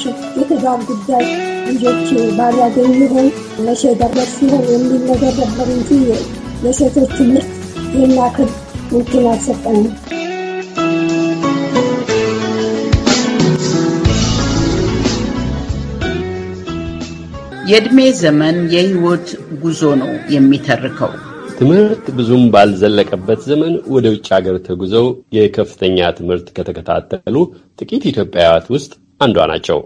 ላሽ የትዳር ጉዳይ ልጆች ባል ያገኙ ይሆን መቼ ደረሱ ይሆን የሚል ነገር ነበር እንጂ የሴቶች ትምህርት ይህን እንትን አልሰጠንም። የእድሜ ዘመን የህይወት ጉዞ ነው የሚተርከው። ትምህርት ብዙም ባልዘለቀበት ዘመን ወደ ውጭ ሀገር ተጉዘው የከፍተኛ ትምህርት ከተከታተሉ ጥቂት ኢትዮጵያውያት ውስጥ አንዷ ናቸው።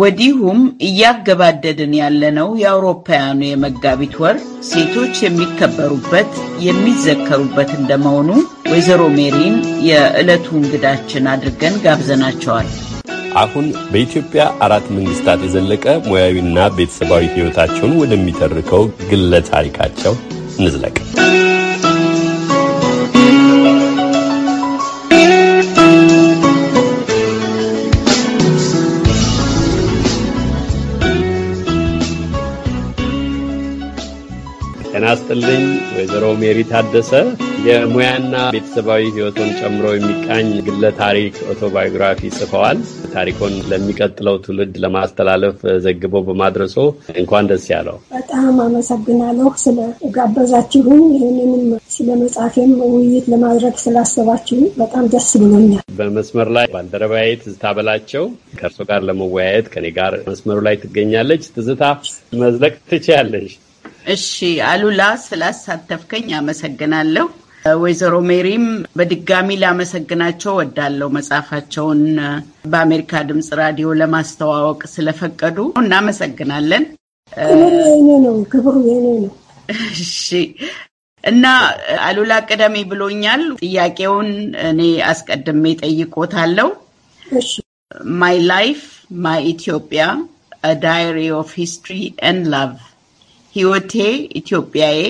ወዲሁም እያገባደድን ያለነው የአውሮፓውያኑ የመጋቢት ወር ሴቶች የሚከበሩበት የሚዘከሩበት እንደመሆኑ ወይዘሮ ሜሪን የዕለቱ እንግዳችን አድርገን ጋብዘናቸዋል። አሁን በኢትዮጵያ አራት መንግስታት የዘለቀ ሙያዊና ቤተሰባዊ ሕይወታቸውን ወደሚተርከው ግለ ታሪካቸው እንዝለቅ። ያስጥልኝ ወይዘሮ ሜሪ ታደሰ የሙያና ቤተሰባዊ ህይወቱን ጨምሮ የሚቃኝ ግለ ታሪክ ኦቶባዮግራፊ ጽፈዋል። ታሪኮን ለሚቀጥለው ትውልድ ለማስተላለፍ ዘግበው በማድረሶ እንኳን ደስ ያለው። በጣም አመሰግናለሁ ስለጋበዛችሁ ይህንንም ስለ መጽሐፌም ውይይት ለማድረግ ስላሰባችሁ በጣም ደስ ብሎኛል። በመስመር ላይ ባልደረባዬ ትዝታ በላቸው ከእርሶ ጋር ለመወያየት ከኔ ጋር መስመሩ ላይ ትገኛለች። ትዝታ መዝለቅ ትችያለሽ። እሺ አሉላ፣ ስላሳተፍከኝ አመሰግናለሁ። ወይዘሮ ሜሪም በድጋሚ ላመሰግናቸው ወዳለው መጽሐፋቸውን በአሜሪካ ድምፅ ራዲዮ ለማስተዋወቅ ስለፈቀዱ እናመሰግናለን። ነው ክብሩ የኔ ነው። እሺ እና አሉላ ቀደም ብሎኛል። ጥያቄውን እኔ አስቀድሜ ጠይቆታለው። ማይ ላይፍ ማይ ኢትዮጵያ ዳይሪ ኦፍ ሂስትሪ ኤንድ ላቭ ሕይወቴ ኢትዮጵያዬ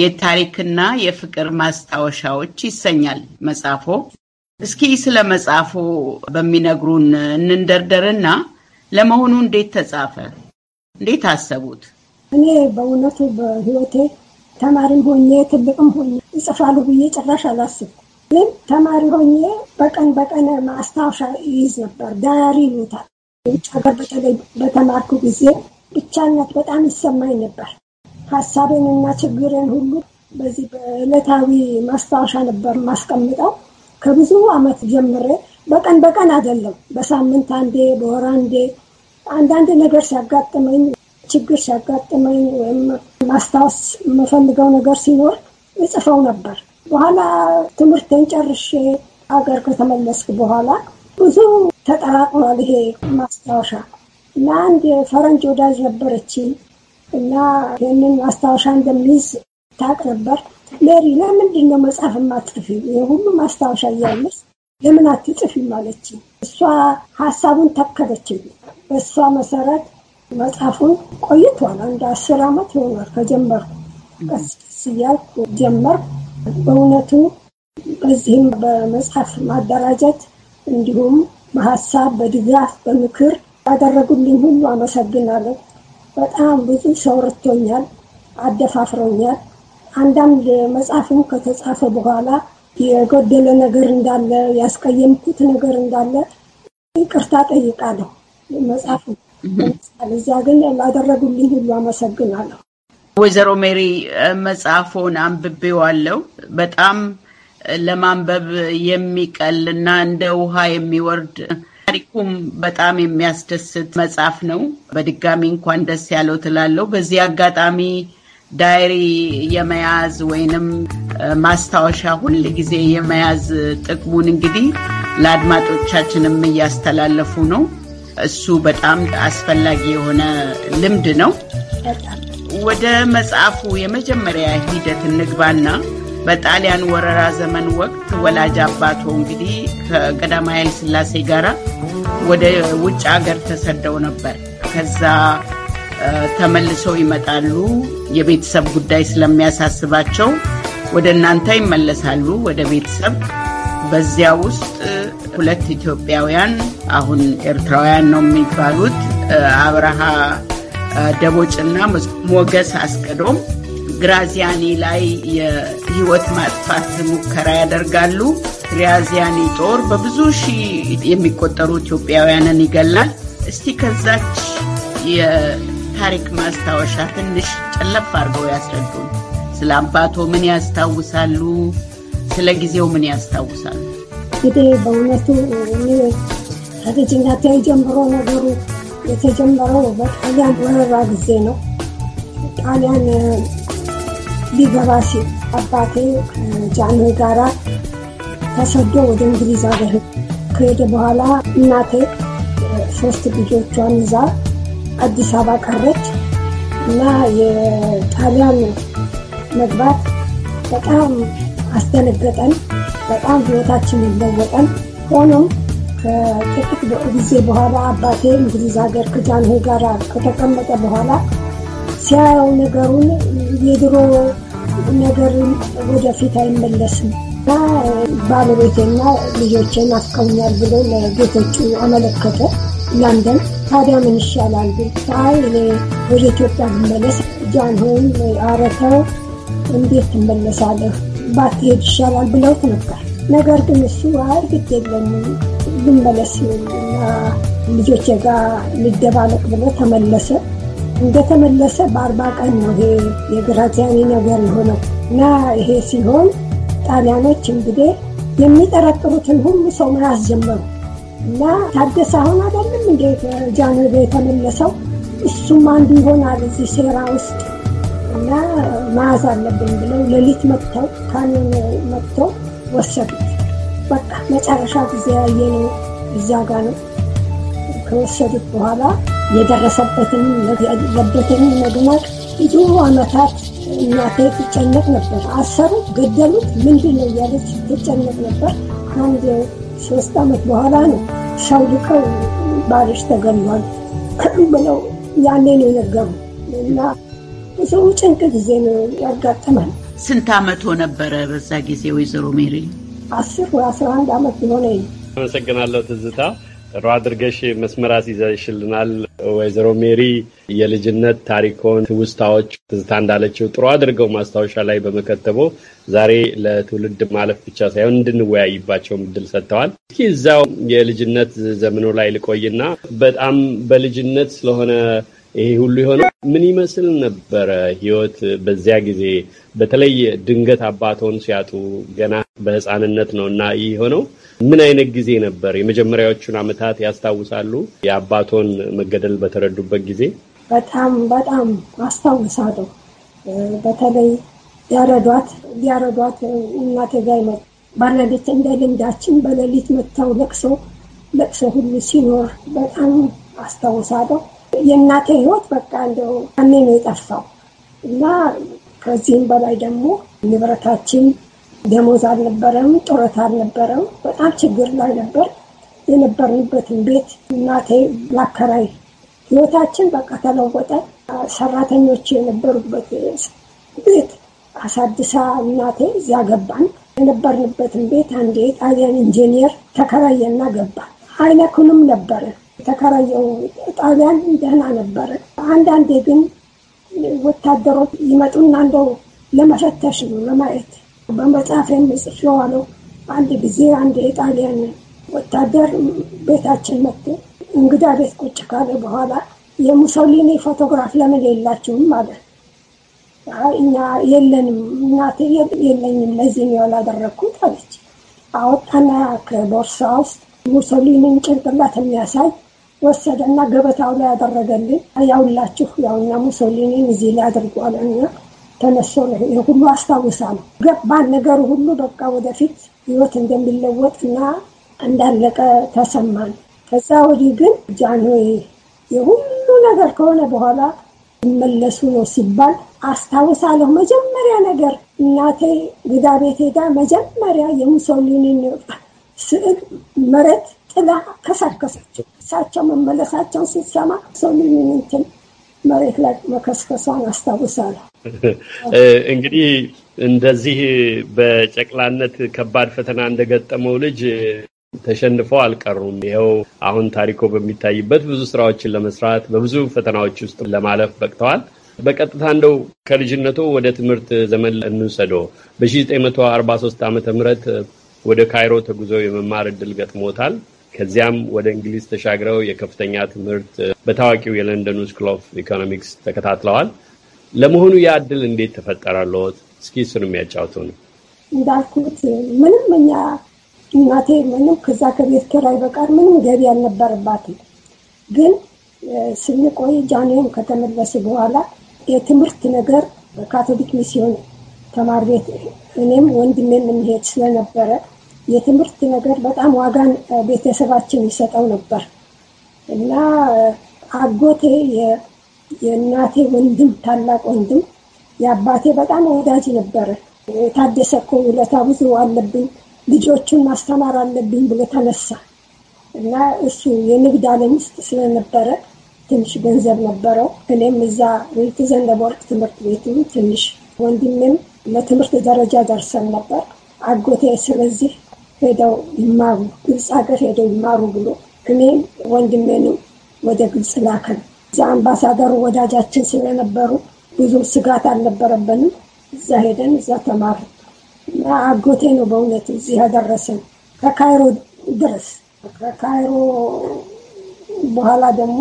የታሪክና የፍቅር ማስታወሻዎች ይሰኛል መጽሐፎ። እስኪ ስለ መጽሐፎ በሚነግሩን እንንደርደርና ለመሆኑ እንዴት ተጻፈ? እንዴት አሰቡት? እኔ በእውነቱ በሕይወቴ ተማሪም ሆኜ ትልቅም ሆኜ ይጽፋሉ ብዬ ጭራሽ አላስብኩ። ግን ተማሪ ሆኜ በቀን በቀን ማስታወሻ ይይዝ ነበር። ዳያሪ ይሉታል። ውጭ ሀገር በተለይ በተማርኩ ጊዜ ብቻነት በጣም ይሰማኝ ነበር። እና ችግሬን ሁሉ በዚህ በዕለታዊ ማስታወሻ ነበር ማስቀምጠው። ከብዙ አመት ጀምሬ በቀን በቀን አይደለም፣ በሳምንት አንዴ፣ በወር አንዴ አንዳንድ ነገር ሲያጋጥመኝ፣ ችግር ሲያጋጥመኝ ወይም ማስታወስ የምፈልገው ነገር ሲኖር እጽፈው ነበር። በኋላ ትምህርቴን ጨርሼ አገር ከተመለስክ በኋላ ብዙ ተጠራቅሟል ይሄ ማስታወሻ ለአንድ ፈረንጅ ወዳጅ ነበረች እና ይህንን ማስታወሻ እንደሚይዝ ታቅ ነበር። ሜሪ ለምንድን ነው መጽሐፍ ማትጽፊ? ይህ ሁሉ ማስታወሻ እያለች ለምን አትጽፊ ማለች። እሷ ሀሳቡን ተከደችልኝ። በእሷ መሰረት መጽሐፉን ቆይቷል። አንድ አስር ዓመት ይሆኗል ከጀመርኩ። ቀስ ቀስ እያልኩ በእውነቱ በዚህም በመጽሐፍ ማደራጀት እንዲሁም በሀሳብ በድጋፍ በምክር ላደረጉልኝ ሁሉ አመሰግናለሁ። በጣም ብዙ ሰው ርቶኛል አደፋፍረውኛል። አንዳንድ መጽሐፍም ከተጻፈ በኋላ የጎደለ ነገር እንዳለ፣ ያስቀየምኩት ነገር እንዳለ ይቅርታ ጠይቃለሁ። መጽሐፍ እዚያ ግን ላደረጉልኝ ሁሉ አመሰግናለሁ። ወይዘሮ ሜሪ መጽሐፎን አንብቤዋለሁ። በጣም ለማንበብ የሚቀል እና እንደ ውሃ የሚወርድ ታሪኩም በጣም የሚያስደስት መጽሐፍ ነው። በድጋሚ እንኳን ደስ ያለው ትላለው። በዚህ አጋጣሚ ዳይሪ የመያዝ ወይንም ማስታወሻ ሁል ጊዜ የመያዝ ጥቅሙን እንግዲህ ለአድማጮቻችንም እያስተላለፉ ነው። እሱ በጣም አስፈላጊ የሆነ ልምድ ነው። ወደ መጽሐፉ የመጀመሪያ ሂደት እንግባና በጣሊያን ወረራ ዘመን ወቅት ወላጅ አባቶ እንግዲህ ከቀዳማዊ ኃይለ ሥላሴ ጋራ ወደ ውጭ ሀገር ተሰደው ነበር። ከዛ ተመልሰው ይመጣሉ። የቤተሰብ ጉዳይ ስለሚያሳስባቸው ወደ እናንተ ይመለሳሉ፣ ወደ ቤተሰብ። በዚያ ውስጥ ሁለት ኢትዮጵያውያን አሁን ኤርትራውያን ነው የሚባሉት አብረሃ ደቦጭና ሞገስ አስቀዶም ግራዚያኒ ላይ የህይወት ማጥፋት ሙከራ ያደርጋሉ። ግራዚያኒ ጦር በብዙ ሺህ የሚቆጠሩ ኢትዮጵያውያንን ይገላል። እስቲ ከዛች የታሪክ ማስታወሻ ትንሽ ጨለፍ አድርገው ያስረዱን። ስለ አባቶ ምን ያስታውሳሉ? ስለ ጊዜው ምን ያስታውሳሉ? እንግዲህ በእውነቱ ከልጅነት ጀምሮ ነገሩ የተጀመረው በጣሊያን ወረራ ጊዜ ነው። ጣሊያን ሊገባ ሲል አባቴ ጃንሆይ ጋራ ተሰዶ ወደ እንግሊዝ ሀገር ከሄደ በኋላ እናቴ ሶስት ልጆቿን ይዛ አዲስ አበባ ቀረች እና የጣሊያን መግባት በጣም አስደነገጠን። በጣም ህይወታችን ይለወጠን። ሆኖም ከጥቂት ጊዜ በኋላ አባቴ እንግሊዝ ሀገር ከጃንሆይ ጋራ ከተቀመጠ በኋላ ሲያየው ነገሩን የድሮ ነገር ወደፊት አይመለስም ባለቤቴና ልጆቼን አፍቀውኛል ብሎ ለጌቶቹ አመለከተ። ለንደን ታዲያ ምን ይሻላል? አይ እኔ ወደ ኢትዮጵያ ብመለስ ጃንሆን አረተው እንዴት ትመለሳለህ? ባትሄድ ይሻላል ብለውት ነበር። ነገር ግን እሱ አይ ግድ የለም ልመለስ እና ልጆቼ ጋር ልደባለቅ ብሎ ተመለሰ። እንደተመለሰ በአርባ ቀን ነው ይሄ የግራዚያኒ ነገር የሆነው እና ይሄ ሲሆን ጣሊያኖች እንግዲህ የሚጠረጥሩትን ሁሉ ሰው መያዝ ጀመሩ እና ታደሰ አሁን አይደለም እንደ ጃንሆይ የተመለሰው እሱም አንዱ ይሆናል እዚህ ሴራ ውስጥ እና መያዝ አለብን ብለው ሌሊት መጥተው ካኖን መጥተው ወሰዱት። በቃ መጨረሻ ጊዜ ያየ ነው እዛ ጋ ነው ከወሰዱት በኋላ የደረሰበትን የደረሰበትን መድመቅ ብዙ አመታት እናቴ ትጨነቅ ነበር። አሰሩ፣ ገደሉት፣ ምንድን ነው እያለች ትጨነቅ ነበር። አንድ ሶስት ዓመት በኋላ ነው ሰው ልቀው ባልሽ ተገሏል ብለው ያኔ ነው የነገሩ እና ብዙ ጭንቅ ጊዜ ነው ያጋጥማል። ስንት ዓመት ነበረ በዛ ጊዜ ወይዘሮ ሜሪ? አስር ወይ አስራ አንድ ዓመት ሆነ። አመሰግናለሁ ትዝታ። ጥሩ አድርገሽ መስመር አስይዘሽልናል። ወይዘሮ ሜሪ የልጅነት ታሪኮን ትውስታዎች፣ ትዝታ እንዳለችው ጥሩ አድርገው ማስታወሻ ላይ በመከተቦ ዛሬ ለትውልድ ማለፍ ብቻ ሳይሆን እንድንወያይባቸው ምድል ሰጥተዋል። እስኪ እዛው የልጅነት ዘመኖ ላይ ልቆይና በጣም በልጅነት ስለሆነ ይሄ ሁሉ የሆነው ምን ይመስል ነበረ ህይወት በዚያ ጊዜ? በተለይ ድንገት አባቶን ሲያጡ ገና በህፃንነት ነው እና ይህ የሆነው ምን አይነት ጊዜ ነበር? የመጀመሪያዎቹን አመታት ያስታውሳሉ? የአባቶን መገደል በተረዱበት ጊዜ? በጣም በጣም አስታውሳለሁ። በተለይ ያረዷት ያረዷት እናቴ ጋር በሌሊት እንደ ልምዳችን በሌሊት መጥተው ለቅሶ ለቅሶ ሁሉ ሲኖር በጣም አስታውሳለሁ። የእናቴ ህይወት በቃ እንደው ያኔ ነው የጠፋው እና ከዚህም በላይ ደግሞ ንብረታችን ደሞዝ አልነበረም፣ ጡረታ አልነበረም። በጣም ችግር ላይ ነበር። የነበርንበትን ቤት እናቴ ላከራይ። ህይወታችን በቃ ተለወጠ። ሰራተኞች የነበሩበት ቤት አሳድሳ እናቴ እዚያ ገባን። የነበርንበትን ቤት አንድ የጣሊያን ኢንጂኒየር ተከራየና ገባ። አይነኩንም ነበረ የተከራየው ጣሊያን ደህና ነበረ። አንዳንዴ ግን ወታደሮች ይመጡና እንደው ለመፈተሽ ነው ለማየት በመጽሐፌም ጽፌዋለሁ። አንድ ጊዜ አንድ የጣሊያን ወታደር ቤታችን መጥቶ እንግዳ ቤት ቁጭ ካለ በኋላ የሙሶሊኒ ፎቶግራፍ ለምን የላችሁም? አለ። እኛ የለንም እናቴ የለኝም፣ ለዚህ ነው ያላደረግኩት አለች። አወጣና ከቦርሳ ውስጥ ሙሶሊኒን ጭንቅላት የሚያሳይ ወሰደና ገበታው ላይ ያደረገልን። ያውላችሁ ያውና ሙሶሊኒን እዚህ ላይ አድርጓልና ተነሶ ነው። ይህ ሁሉ አስታውሳለሁ። ገባን ነገሩ ሁሉ በቃ ወደፊት ህይወት እንደሚለወጥ እና እንዳለቀ ተሰማን። ከዛ ወዲህ ግን ጃንሆይ የሁሉ ነገር ከሆነ በኋላ ይመለሱ ነው ሲባል አስታውሳለሁ። መጀመሪያ ነገር እናቴ ግዳ ቤት ሄዳ መጀመሪያ የሙሶሊኒን ስዕል መሬት ጥላ ከሰርከሰችው። እሳቸው መመለሳቸውን ሲሰማ ሙሶሊኒን እንትን መሬት ላይ መከስከሷን አስታውሳለሁ። እንግዲህ እንደዚህ በጨቅላነት ከባድ ፈተና እንደገጠመው ልጅ ተሸንፈው አልቀሩም። ይኸው አሁን ታሪኮ በሚታይበት ብዙ ስራዎችን ለመስራት በብዙ ፈተናዎች ውስጥ ለማለፍ በቅተዋል። በቀጥታ እንደው ከልጅነቱ ወደ ትምህርት ዘመን እንውሰዶ። በ1943 ዓ ም ወደ ካይሮ ተጉዞ የመማር እድል ገጥሞታል። ከዚያም ወደ እንግሊዝ ተሻግረው የከፍተኛ ትምህርት በታዋቂው የለንደን ስኩል ኦፍ ኢኮኖሚክስ ተከታትለዋል። ለመሆኑ ያ እድል እንዴት ተፈጠረለት እስኪ እሱን የሚያጫውቱ ነው። እንዳልኩት ምንም እኛ እናቴ ምንም ከዛ ከቤት ኪራይ በቀር ምንም ገቢ አልነበረባትም። ግን ስንቆይ ጃንሆይም ከተመለስ በኋላ የትምህርት ነገር በካቶሊክ ሚስዮን ተማሪ ቤት እኔም ወንድሜ ምንሄድ ስለነበረ የትምህርት ነገር በጣም ዋጋን ቤተሰባችን ይሰጠው ነበር እና አጎቴ የእናቴ ወንድም ታላቅ ወንድም የአባቴ በጣም ወዳጅ ነበር የታደሰ እኮ ውለታ ብዙ አለብኝ፣ ልጆቹን ማስተማር አለብኝ ብሎ ተነሳ እና እሱ የንግድ ዓለም ውስጥ ስለነበረ ትንሽ ገንዘብ ነበረው። እኔም እዛ ቤት ዘነበወርቅ ትምህርት ቤቱ ትንሽ ወንድሜም ለትምህርት ደረጃ ደርሰን ነበር አጎቴ ስለዚህ ሄደው ይማሩ ግብፅ ሀገር ሄደው ይማሩ ብሎ እኔም ወንድሜንም ወደ ግብፅ ላከን። እዛ አምባሳደሩ ወዳጃችን ስለነበሩ ብዙ ስጋት አልነበረብንም። እዛ ሄደን እዛ ተማር እና አጎቴ ነው በእውነት እዚህ ያደረሰን ከካይሮ ድረስ። ከካይሮ በኋላ ደግሞ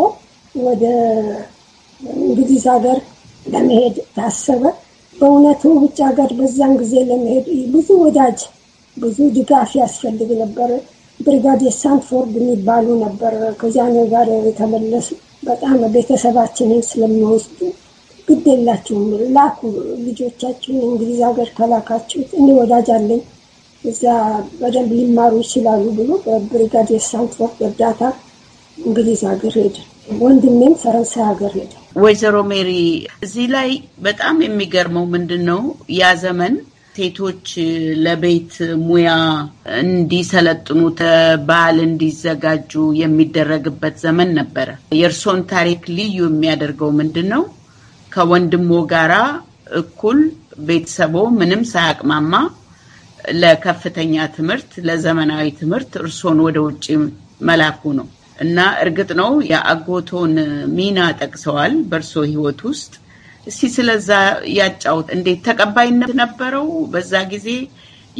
ወደ እንግሊዝ ሀገር ለመሄድ ታሰበ። በእውነቱ ውጭ ሀገር በዛን ጊዜ ለመሄድ ብዙ ወዳጅ ብዙ ድጋፍ ያስፈልግ ነበር። ብሪጋዴ ሳንፎርድ የሚባሉ ነበር ነው ጋር የተመለሱ በጣም ቤተሰባችንን ስለሚወስዱ ግድ የላችሁም ላኩ ልጆቻችሁን እንግሊዝ ሀገር ከላካችሁት እኔ ወዳጅ አለኝ እዛ በደንብ ሊማሩ ይችላሉ ብሎ በብሪጋዴ ሳንትፎርድ እርዳታ እንግሊዝ ሀገር ሄደ። ወንድሜም ፈረንሳይ ሀገር ሄደ። ወይዘሮ ሜሪ እዚህ ላይ በጣም የሚገርመው ምንድን ነው ያ ዘመን ሴቶች ለቤት ሙያ እንዲሰለጥኑ በዓል እንዲዘጋጁ የሚደረግበት ዘመን ነበረ። የእርሶን ታሪክ ልዩ የሚያደርገው ምንድን ነው? ከወንድሞ ጋራ እኩል ቤተሰቦ ምንም ሳያቅማማ ለከፍተኛ ትምህርት ለዘመናዊ ትምህርት እርሶን ወደ ውጭ መላኩ ነው እና እርግጥ ነው የአጎቶን ሚና ጠቅሰዋል በእርሶ ህይወት ውስጥ እስቲ ስለዛ ያጫውት። እንዴት ተቀባይነት ነበረው በዛ ጊዜ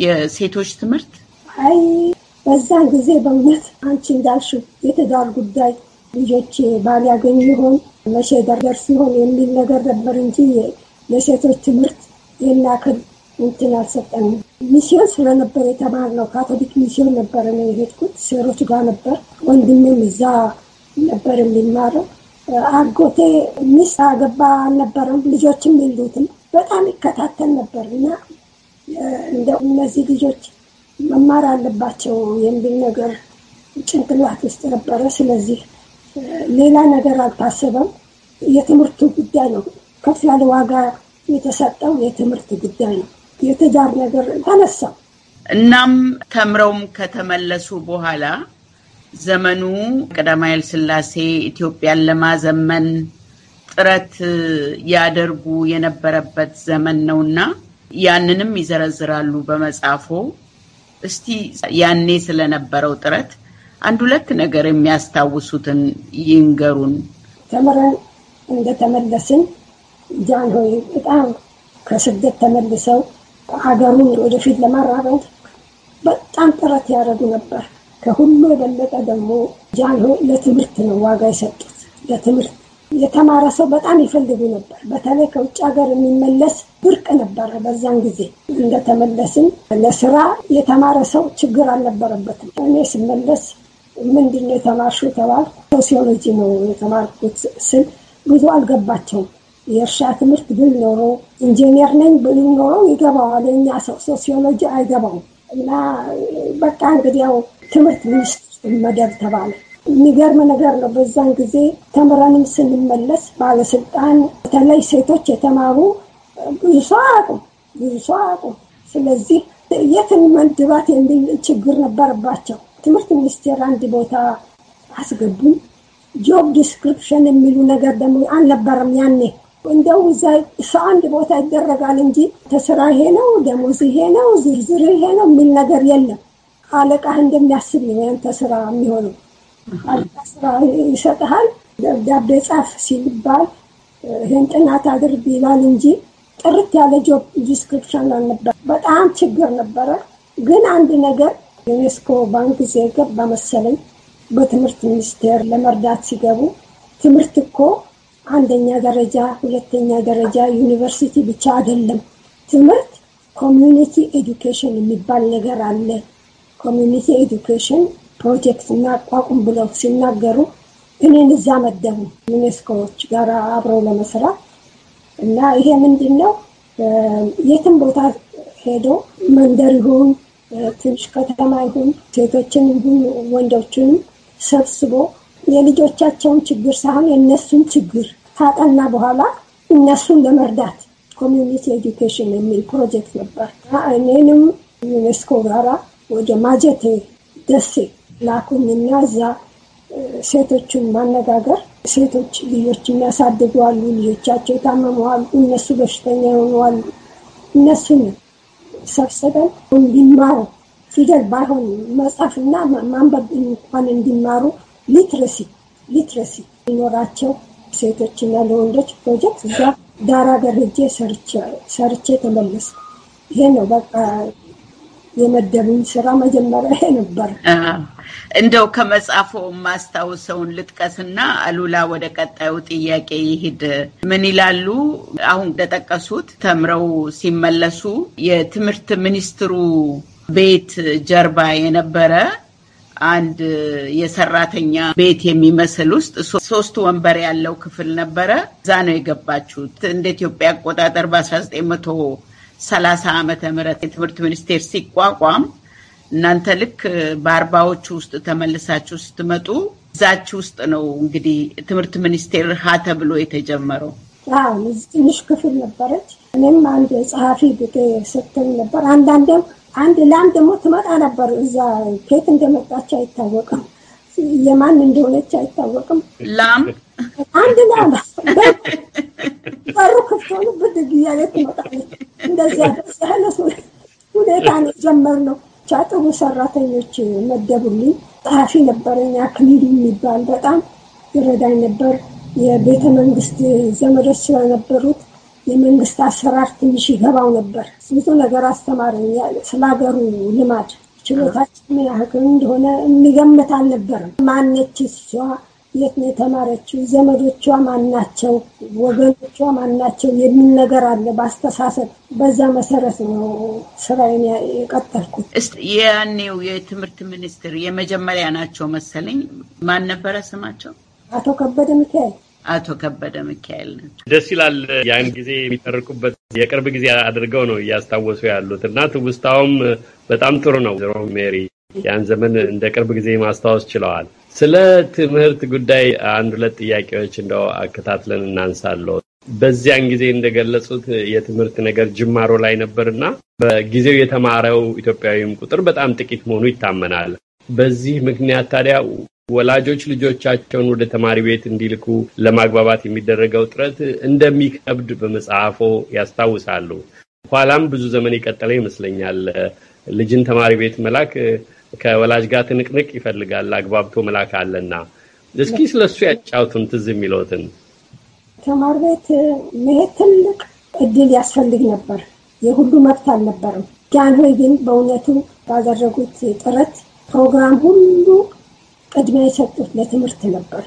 የሴቶች ትምህርት? አይ በዛን ጊዜ በእውነት አንቺ እንዳልሽው የትዳር ጉዳይ ልጆች ባል ያገኙ ይሆን መቼ ደርደር ሲሆን የሚል ነገር ነበር እንጂ ለሴቶች ትምህርት የናክል እንትን አልሰጠንም። ሚስዮን ስለነበር የተማርነው ካቶሊክ ሚስዮን ነበር ነው የሄድኩት። ሴሮች ጋር ነበር ወንድምም እዛ ነበር የሚማረው አጎቴ ሚስት አገባ አልነበረም። ልጆችም የሉትም። በጣም ይከታተል ነበር እና እንደ እነዚህ ልጆች መማር አለባቸው የሚል ነገር ጭንቅላት ውስጥ ነበረ። ስለዚህ ሌላ ነገር አልታሰበም። የትምህርቱ ጉዳይ ነው። ከፍ ያለ ዋጋ የተሰጠው የትምህርት ጉዳይ ነው። የትዳር ነገር ተነሳው። እናም ተምረውም ከተመለሱ በኋላ ዘመኑ ቀዳማዊ ኃይለ ሥላሴ ኢትዮጵያን ለማዘመን ጥረት ያደርጉ የነበረበት ዘመን ነውና ያንንም ይዘረዝራሉ በመጽሐፎ። እስቲ ያኔ ስለነበረው ጥረት አንድ ሁለት ነገር የሚያስታውሱትን ይንገሩን። ተምረን እንደተመለስን ጃን ሆይ በጣም ከስደት ተመልሰው አገሩን ወደፊት ለማራበት በጣም ጥረት ያደረጉ ነበር። ከሁሉ የበለጠ ደግሞ ጃኖ ለትምህርት ነው ዋጋ የሰጡት። ለትምህርት የተማረ ሰው በጣም ይፈልጉ ነበር። በተለይ ከውጭ ሀገር የሚመለስ ብርቅ ነበረ። በዛን ጊዜ እንደተመለስን ለስራ የተማረ ሰው ችግር አልነበረበትም። እኔ ስመለስ ምንድን ነው የተማርሽው ተባልኩ። ሶሲዮሎጂ ነው የተማርኩት ስል ብዙ አልገባቸውም። የእርሻ ትምህርት ብል ኖሮ ኢንጂነር ነኝ ብል ኖሮ ይገባዋል። የእኛ ሰው ሶሲዮሎጂ አይገባውም። እና በቃ እንግዲያው ትምህርት ሚኒስቴር መደብ ተባለ። የሚገርም ነገር ነው። በዛን ጊዜ ተምረንም ስንመለስ ባለስልጣን በተለይ ሴቶች የተማሩ ብዙ ሰው አያውቁም፣ ብዙ ሰው አያውቁም። ስለዚህ የትን መንድባት የሚል ችግር ነበረባቸው። ትምህርት ሚኒስቴር አንድ ቦታ አስገቡም። ጆብ ዲስክሪፕሽን የሚሉ ነገር ደግሞ አልነበረም ያኔ እንደው እዛ እሱ አንድ ቦታ ይደረጋል እንጂ ተስራ ይሄ ነው፣ ደሞዝ ይሄ ነው፣ ዝርዝር ይሄ ነው የሚል ነገር የለም። አለቃህ እንደሚያስብ ነው ያንተ ስራ የሚሆነው። አለቃ ስራ ይሰጥሃል፣ ደብዳቤ ጻፍ ሲባል ይህን ጥናት አድርግ ይላል እንጂ ጥርት ያለ ጆብ ዲስክሪፕሽን አልነበረ። በጣም ችግር ነበረ። ግን አንድ ነገር ዩኔስኮ ባንክ ዜገብ በመሰለኝ በትምህርት ሚኒስቴር ለመርዳት ሲገቡ ትምህርት እኮ አንደኛ ደረጃ፣ ሁለተኛ ደረጃ ዩኒቨርሲቲ ብቻ አይደለም። ትምህርት ኮሚዩኒቲ ኤዱኬሽን የሚባል ነገር አለ። ኮሚዩኒቲ ኤዱኬሽን ፕሮጀክት አቋቁም ብለው ሲናገሩ እኔን እዛ መደቡ ዩኔስኮዎች ጋር አብረው ለመስራት እና ይሄ ምንድን ነው የትም ቦታ ሄዶ መንደር ይሁን ትንሽ ከተማ ይሁን ሴቶችን ይሁን ወንዶችን ሰብስቦ የልጆቻቸውን ችግር ሳይሆን የእነሱን ችግር ካጠና በኋላ እነሱን ለመርዳት ኮሚዩኒቲ ኤዱኬሽን የሚል ፕሮጀክት ነበር። እኔንም ዩኔስኮ ጋራ ወደ ማጀቴ ደሴ ላኩኝና እዛ ሴቶችን ማነጋገር ሴቶች ልጆች የሚያሳድጉ አሉ፣ ልጆቻቸው ታመመዋል፣ እነሱ በሽተኛ የሆነዋሉ። እነሱን ሰብስበን እንዲማሩ ፊደል ባይሆን መጻፍና ማንበብ እንኳን እንዲማሩ ሊትረሲ ሊትረሲ ሊኖራቸው እና ለወንዶች ፕሮጀክት እዛ ዳራ ጋር ሰርቼ ተመለስ። ይሄ ነው በቃ የመደብኝ ስራ መጀመሪያ ይሄ ነበር። እንደው ከመጽሐፎ ማስታውሰውን ልጥቀስና አሉላ ወደ ቀጣዩ ጥያቄ ይሂድ። ምን ይላሉ? አሁን እንደጠቀሱት ተምረው ሲመለሱ የትምህርት ሚኒስትሩ ቤት ጀርባ የነበረ አንድ የሰራተኛ ቤት የሚመስል ውስጥ ሶስት ወንበር ያለው ክፍል ነበረ። እዛ ነው የገባችሁት? እንደ ኢትዮጵያ አቆጣጠር በ ሰላሳ ዓመተ ምህረት የትምህርት ሚኒስቴር ሲቋቋም እናንተ ልክ በአርባዎቹ ውስጥ ተመልሳችሁ ስትመጡ እዛች ውስጥ ነው እንግዲህ ትምህርት ሚኒስቴር ሀ ተብሎ የተጀመረው። ትንሽ ክፍል ነበረች። እኔም አንድ ጸሐፊ ብቄ ስትል ነበር። አንዳንዴም አንድ ላም ደግሞ ትመጣ ነበር። እዛ ከየት እንደመጣች አይታወቅም፣ የማን እንደሆነች አይታወቅም። ላም አንድ ላም በሩ ክፍት ሆኖ ብድግ እያለች ትመጣለች። እንደዚያ ያለ ሁኔታ ነው የጀመርነው። ብቻ ጥሩ ሰራተኞች መደቡልኝ። ጸሐፊ ነበረኝ አክሊሉ የሚባል በጣም ይረዳኝ ነበር። የቤተ መንግስት ዘመዶች ስለነበሩት የመንግስት አሰራር ትንሽ ይገባው ነበር። ብዙ ነገር አስተማረኝ። ስለ ሀገሩ ልማድ ችሎታችን ምን ያህል እንደሆነ እንገምት አልነበርም። ማነች እሷ? የት ነው የተማረችው? ዘመዶቿ ማናቸው? ወገኖቿ ማናቸው? የሚል ነገር አለ በአስተሳሰብ። በዛ መሰረት ነው ስራዬን የቀጠልኩት። ያኔው የትምህርት ሚኒስትር የመጀመሪያ ናቸው መሰለኝ። ማን ነበረ ስማቸው? አቶ ከበደ ሚካኤል አቶ ከበደ ሚካኤል ናቸው። ደስ ይላል። ያን ጊዜ የሚጠርቁበት የቅርብ ጊዜ አድርገው ነው እያስታወሱ ያሉት እና ትውስታውም በጣም ጥሩ ነው። ዘሮ ሜሪ ያን ዘመን እንደ ቅርብ ጊዜ ማስታወስ ችለዋል። ስለ ትምህርት ጉዳይ አንድ ሁለት ጥያቄዎች እንደው አከታትለን እናንሳለሁ። በዚያን ጊዜ እንደገለጹት የትምህርት ነገር ጅማሮ ላይ ነበርና በጊዜው የተማረው ኢትዮጵያዊም ቁጥር በጣም ጥቂት መሆኑ ይታመናል። በዚህ ምክንያት ታዲያ ወላጆች ልጆቻቸውን ወደ ተማሪ ቤት እንዲልኩ ለማግባባት የሚደረገው ጥረት እንደሚከብድ በመጽሐፎ ያስታውሳሉ። ኋላም ብዙ ዘመን የቀጠለ ይመስለኛል። ልጅን ተማሪ ቤት መላክ ከወላጅ ጋር ትንቅንቅ ይፈልጋል። አግባብቶ መላክ አለና እስኪ ስለሱ ያጫውቱን ትዝ የሚለውትን። ተማሪ ቤት መሄድ ትልቅ እድል ያስፈልግ ነበር። የሁሉ መብት አልነበርም። ጃንሆይ ግን በእውነቱ ባደረጉት ጥረት ፕሮግራም ሁሉ ቅድሚያ የሰጡት ለትምህርት ነበር።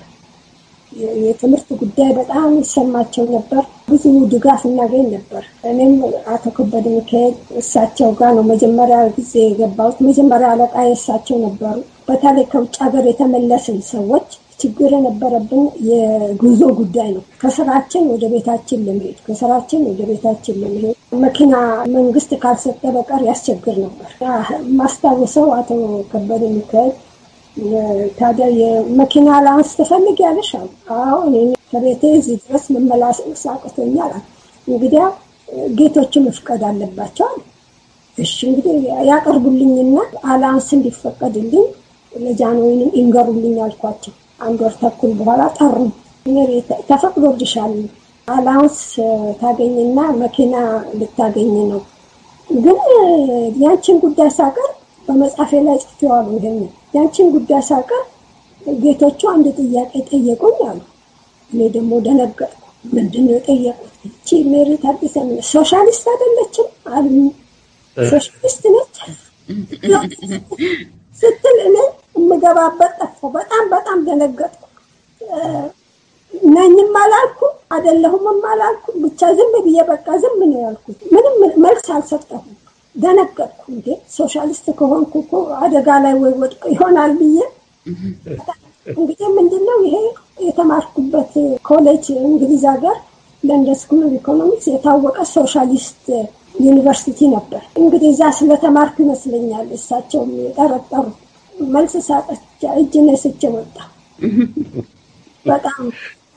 የትምህርት ጉዳይ በጣም ይሰማቸው ነበር። ብዙ ድጋፍ እናገኝ ነበር። እኔም አቶ ከበደ ሚካኤል እሳቸው ጋር ነው መጀመሪያ ጊዜ የገባሁት። መጀመሪያ አለቃ የእሳቸው ነበሩ። በተለይ ከውጭ ሀገር የተመለስን ሰዎች ችግር የነበረብን የጉዞ ጉዳይ ነው። ከስራችን ወደ ቤታችን ለመሄድ ከስራችን ወደ ቤታችን ለመሄድ መኪና መንግስት ካልሰጠ በቀር ያስቸግር ነበር። ማስታውሰው አቶ ከበደ ሚካኤል ታዲያ የመኪና ላንስ ትፈልግ ያለሽ? አዎ ከቤቴ እዚህ ድረስ መመላለስ አቅቶኛል። እንግዲያ ጌቶች መፍቀድ አለባቸዋል። እሺ እንግዲህ ያቀርቡልኝና አላንስ እንዲፈቀድልኝ ለጃን ለጃንሆይንም ይንገሩልኝ አልኳቸው። አንድ ወር ተኩል በኋላ ጠሩ። ተፈቅዶልሻል፣ አላንስ ታገኝና መኪና ልታገኝ ነው። ግን ያንቺን ጉዳይ ሳቀር በመጽሐፌ ላይ ጽፌዋል። ይሄንን ያንቺን ጉዳይ ሳቀር ጌቶቹ አንድ ጥያቄ ጠየቁኝ አሉ። እኔ ደግሞ ደነገጥኩ። ምንድን ነው የጠየቁት? እቺ ሜሪ ታደሰ ሶሻሊስት አይደለችም አሉ። ሶሻሊስት ነች ስትል እኔ የምገባበት ጠፋሁ። በጣም በጣም ደነገጥኩ። ነኝም አላልኩ አይደለሁም አላልኩ። ብቻ ዝም ብዬ በቃ ዝም ነው ያልኩት። ምንም መልስ አልሰጠሁም። ደነገጥኩ። እንዴ ሶሻሊስት ከሆንኩ እኮ አደጋ ላይ ወይ ወድቅ ይሆናል ብዬ እንግዲህ ምንድነው ይሄ የተማርኩበት ኮሌጅ እንግሊዝ ሀገር ለንደን ስኩል ኦፍ ኢኮኖሚክስ የታወቀ ሶሻሊስት ዩኒቨርሲቲ ነበር። እንግዲህ እዛ ስለተማርኩ ይመስለኛል እሳቸውም የጠረጠሩ። መልስ ሳጠች እጅ ነስቼ ወጣ። በጣም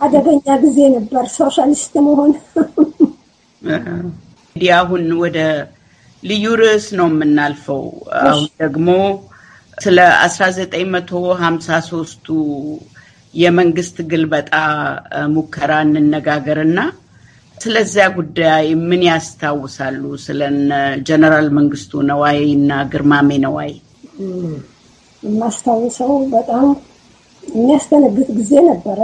አደገኛ ጊዜ ነበር ሶሻሊስት መሆን። እንዲህ አሁን ወደ ልዩ ርዕስ ነው የምናልፈው። አሁን ደግሞ ስለ አስራ ዘጠኝ መቶ ሀምሳ ሶስቱ የመንግስት ግልበጣ ሙከራ እንነጋገርና ስለዚያ ጉዳይ ምን ያስታውሳሉ? ስለ ጀነራል መንግስቱ ነዋይ እና ግርማሜ ነዋይ የማስታውሰው በጣም የሚያስደነግጥ ጊዜ ነበረ።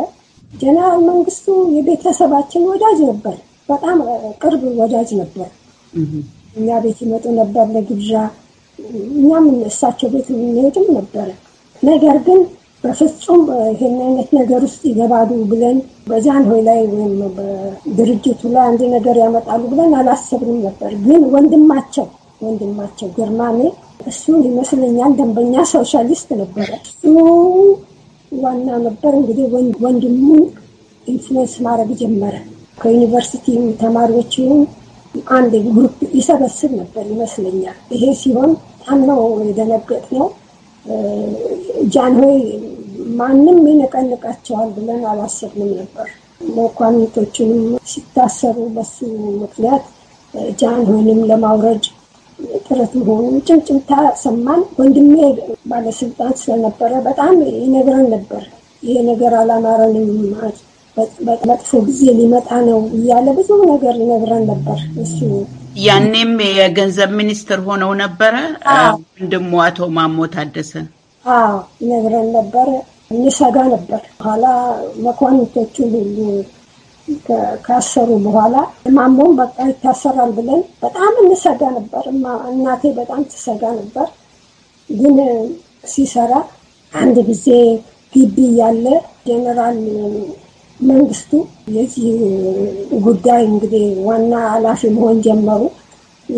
ጀነራል መንግስቱ የቤተሰባችን ወዳጅ ነበር። በጣም ቅርብ ወዳጅ ነበር። እኛ ቤት ይመጡ ነበር ለግብዣ፣ እኛም እሳቸው ቤት የምንሄድም ነበረ። ነገር ግን በፍጹም ይህን አይነት ነገር ውስጥ ይገባሉ ብለን ሆይ ላይ ወይም በድርጅቱ ላይ አንድ ነገር ያመጣሉ ብለን አላሰብንም ነበር። ግን ወንድማቸው ወንድማቸው ግርማሜ እሱ ይመስለኛል ደንበኛ ሶሻሊስት ነበረ። እሱ ዋና ነበር እንግዲህ ወንድሙን ኢንፍሉዌንስ ማድረግ ጀመረ። ከዩኒቨርሲቲ ተማሪዎች አንድ ግሩፕ ይሰበስብ ነበር ይመስለኛል። ይሄ ሲሆን ታምነው የደነገጥ ነው። ጃንሆይ ማንም ይነቀንቃቸዋል ብለን አላሰብንም ነበር። መኳንቶቹንም ሲታሰሩ በሱ ምክንያት ጃንሆይንም ለማውረድ ጥረት መሆኑ ጭምጭምታ ሰማን። ወንድሜ ባለስልጣን ስለነበረ በጣም ይነግረን ነበር። ይሄ ነገር አላማረንም መጥፎ ጊዜ ሊመጣ ነው እያለ ብዙ ነገር ይነግረን ነበር። እሱ ያኔም የገንዘብ ሚኒስትር ሆነው ነበረ ወንድሙ አቶ ማሞ ታደሰ። አዎ ይነግረን ነበር። እንሰጋ ነበር። በኋላ መኳንቶቹ ሁሉ ካሰሩ በኋላ ማሞም በቃ ይታሰራል ብለን በጣም እንሰጋ ነበር። እናቴ በጣም ትሰጋ ነበር። ግን ሲሰራ አንድ ጊዜ ግቢ ያለ ጀነራል መንግስቱ የዚህ ጉዳይ እንግዲህ ዋና ኃላፊ መሆን ጀመሩ።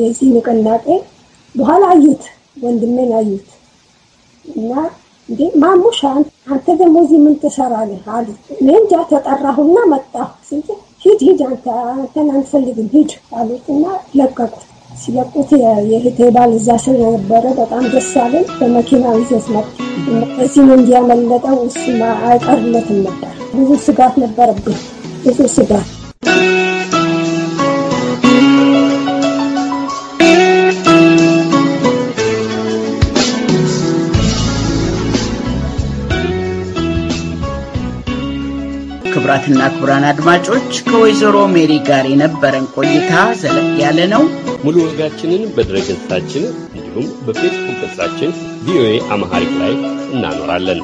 የዚህ ንቅናቄ በኋላ አዩት፣ ወንድሜን አዩት እና እንዴ ማሙሽ አንተ ደግሞ እዚህ ምን ትሰራለህ አሉ። እኔ እንጃ ተጠራሁና መጣሁ ስንት ሂድ ሂድ አንተ አንተን አንፈልግም ሂድ አሉት እና ለቀቁት። ሲለቁት የህቴ ባል እዛ ስለነበረ በጣም ደስ አለን። በመኪና ይዘት መጥ እዚህ እንዲያመለጠው እሱ አይቀርለትም ነበር ብዙ ስጋት ነበረብኝ። ብዙ ስጋት ክቡራትና ክቡራን አድማጮች ከወይዘሮ ሜሪ ጋር የነበረን ቆይታ ዘለቅ ያለ ነው። ሙሉ ወጋችንን በድረገጻችን እንዲሁም በፌስቡክ ገጻችን ቪኦኤ አማሃሪክ ላይ እናኖራለን።